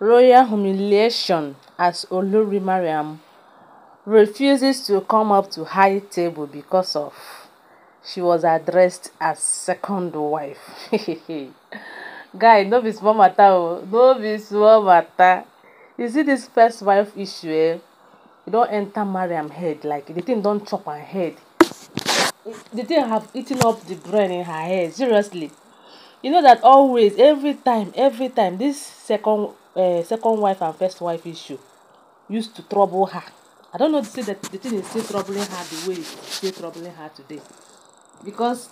royal humiliation as Olori Mariam refuses to come up to high table because of she was addressed as second wife. Guy, no be small matter o, no be small matter. You see this first wife issue eh, e don enter Mariam head like the thing don chop her head. The thing have eaten up the brain in her head, seriously. You know that always, every time, every time, this second uh, second wife and first wife issue used to trouble her. I don't know to say that the thing is still troubling her the way it's still troubling her today. Because,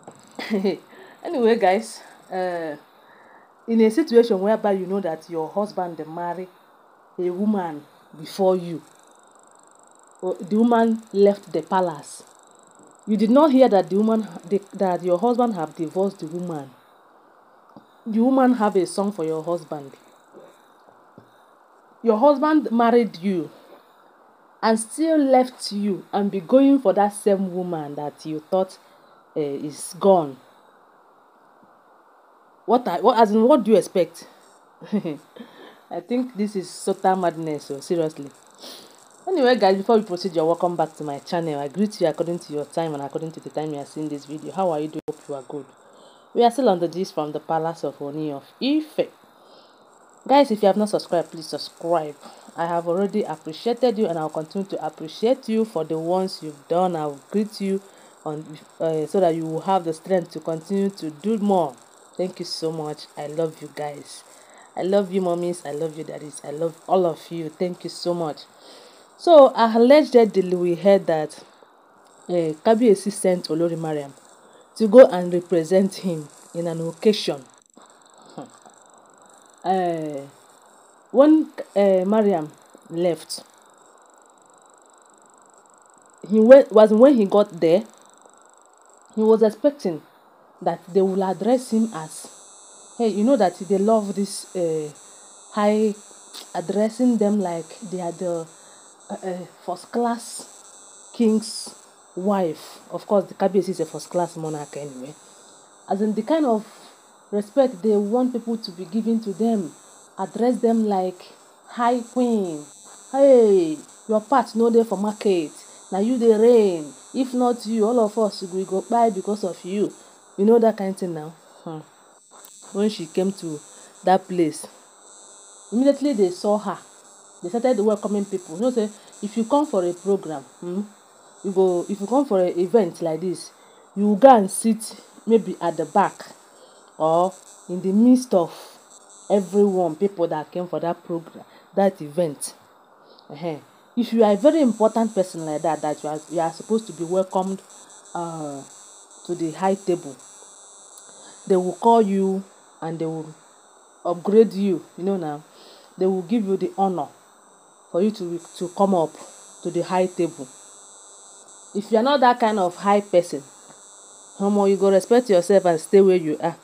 anyway, guys, uh, in a situation whereby you know that your husband married a woman before you, the woman left the palace. You did not hear that the woman the, that your husband have divorced the woman. The woman have a son for your husband your husband married you and still left you and be going for that same woman that you thought uh, is gone what are, what as in what do you expect i think this is total madness so oh, seriously anyway guys before we proceed you're welcome back to my channel i greet you according to your time and according to the time you are seeing this video how are you doing hope you are good we are still on the from the palace of oni of ife Guys, if you have not subscribed, please subscribe. I have already appreciated you and I'll continue to appreciate you for the ones you've done. I'll greet you on uh, so that you will have the strength to continue to do more. Thank you so much. I love you guys. I love you mommies. I love you daddies. I love all of you. Thank you so much. So allegedly we heard that uh, Kabi sent Olori Mariam to go and represent him in an occasion uh, when uh, Mariam left, he went, was when he got there, he was expecting that they will address him as, hey, you know that they love this uh, high, addressing them like they are the uh, uh, first class king's wife. Of course, the KBS is a first class monarch anyway. As in the kind of respect they want people to be giving to them address them like high queen hey your part no there for market now you the reign if not you all of us we go buy because of you you know that kind of thing now hmm. when she came to that place immediately they saw her they started welcoming people you know say if you come for a program hmm, you go if you come for an event like this you go and sit maybe at the back or in the midst of everyone, people that came for that program, that event. Uh-huh. If you are a very important person like that, that you are, you are supposed to be welcomed uh, to the high table, they will call you and they will upgrade you. You know now, they will give you the honor for you to to come up to the high table. If you are not that kind of high person, homo, you go respect yourself and stay where you are.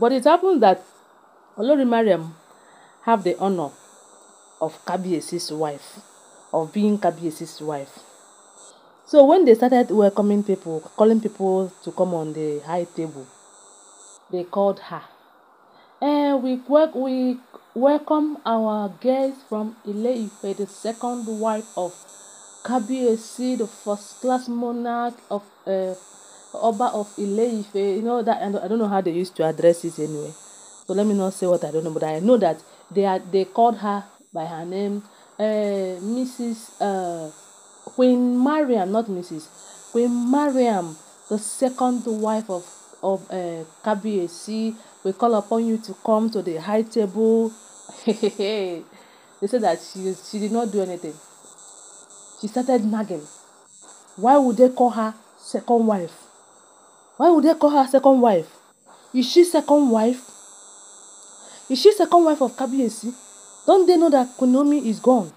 But it happened that Olori Mariam have the honor of Kabiesi's wife, of being Kabiesi's wife. So when they started welcoming people, calling people to come on the high table, they called her. And we, work, we welcome our guest from ife, the second wife of Kabiesi, the first class monarch of uh, Oba of ile you know that and I don't know how they used to address it anyway. So let me not say what I don't know, but I know that they are, they called her by her name, uh, eh, Mrs. Uh, Queen Mariam, not Mrs. Queen Mariam, the second wife of of uh, eh, KBAC. We call upon you to come to the high table. they said that she she did not do anything. She started nagging. Why would they call her second wife? Why would they call her second wife? Is she second wife? Is she second wife of Kabiyesi? Don't they know that Kunomi is gone?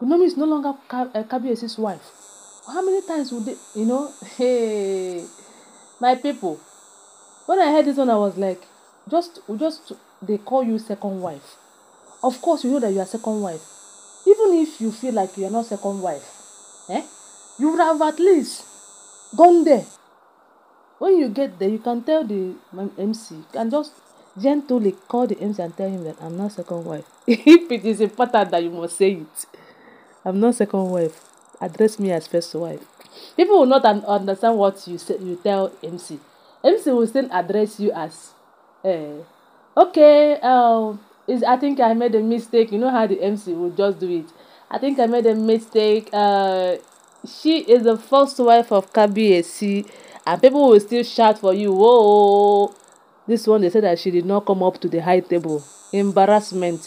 Kunomi is no longer Ka uh, eh, Kabiyesi's wife. How many times would they, you know? Hey, my people. When I heard this one, I was like, just, just they call you second wife. Of course, you know that you are second wife. Even if you feel like you are not second wife, eh? You would have at least gone there When you get there, you can tell the MC and just gently call the MC and tell him that I'm not second wife. if it is important that you must say it, I'm not second wife. Address me as first wife. People will not un understand what you say. You tell MC. MC will still address you as, uh, okay, um, is I think I made a mistake. You know how the MC will just do it. I think I made a mistake. Uh, she is the first wife of Kabi Esi. and people will still shout for you whoa this one they said that she did not come up to the high table embarrassment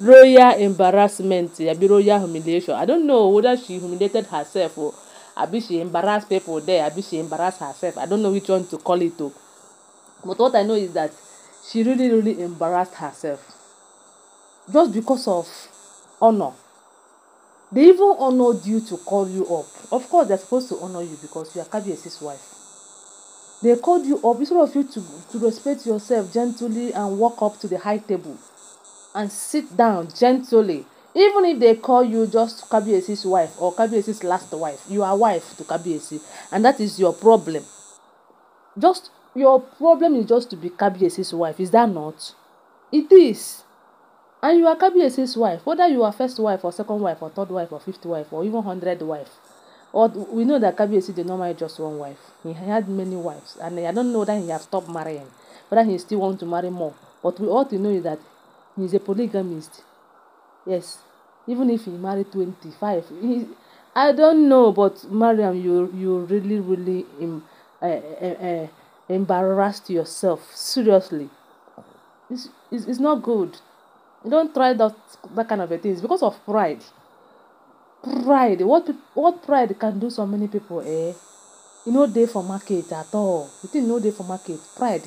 royal embarrassment abi royal humiliation i don't know whether she humiliated herself o abi she embarrass people there abi she embarrass herself i don't know which one to call it o but what i know is that she really really embarrassed herself just because of honour they even honour you to call you up of course they are supposed to honour you because you are kabiyesi's wife They called you up instead of you to, to respect yourself gently and walk up to the high table and sit down gently. Even if they call you just Kabiesi's wife or Kabiesi's last wife, you are wife to Kabiesi, and that is your problem. Just your problem is just to be Kabiesi's wife, is that not? It is. And you are Kabiesi's wife, whether you are first wife or second wife or third wife or fifth wife or even hundred wife. Or we know that Kabiyesi did not marry just one wife. He had many wives, and I don't know that he has stopped marrying, but that he still wants to marry more. But we ought to know that he is a polygamist. Yes, even if he married twenty-five, he, I don't know. But Mariam, you you really really um, uh, uh, uh, embarrassed yourself seriously. It's, it's, it's not good. Don't try that that kind of a thing. It's because of pride. pride what what pride can do so many people eh e no dey for market at all the thing no dey for market pride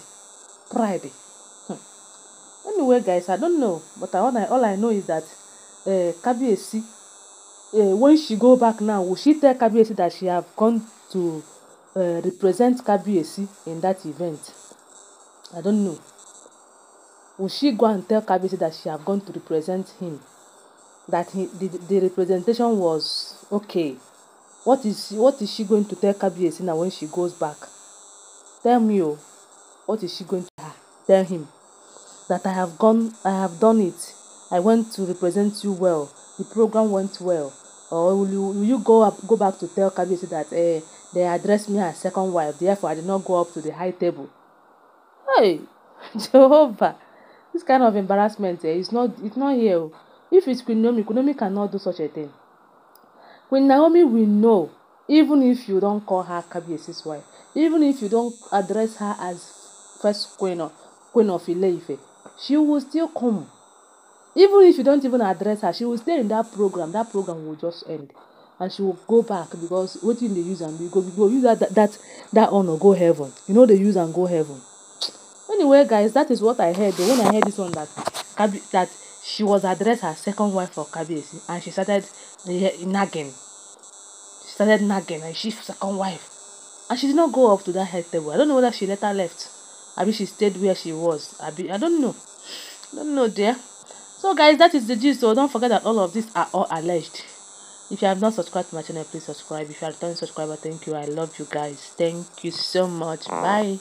pride hmm. anyway guys i don't know but all i all i know is that uh, eh, kabiyesi eh, when she go back now will she tell kabiyesi that she have come to uh, represent kabiyesi in that event i don't know will she go and tell kabiyesi that she have gone to represent him that he, the, the representation was okay. What is, what is she going to tell Kabiesina when she goes back? Tell me, oh, what is she going to tell him? That I have gone, I have done it. I went to represent you well. The program went well. Or will you, will you go up, go back to tell Kabiesi that eh, they addressed me as second wife, therefore I did not go up to the high table? Hey, Jehovah, this kind of embarrassment eh, is not, it's not here. Oh. If it's Queen Naomi, Queen Naomi cannot do such a thing. Queen Naomi will know, even if you don't call her Kabiesi's wife, even if you don't address her as first queen of, queen of Ileife, she will still come. Even if you don't even address her, she will stay in that program. That program will just end. And she will go back because what in the use and go, we go use that, that, that, that honor, go heaven. You know, they use and go heaven. Anyway, guys, that is what I heard. When I heard this one, that, that she was addressed as second wife for Kabiyesi and she started eh, nagging. She started nagging and she's second wife. And she did not go up to that head table. I don't know whether she later left. I mean, she stayed where she was. I, be, I don't know. I don't know, dear. So, guys, that is the gist. So, don't forget that all of these are all alleged. If you have not subscribed to my channel, please subscribe. If you are a returning subscriber, thank you. I love you guys. Thank you so much. Bye.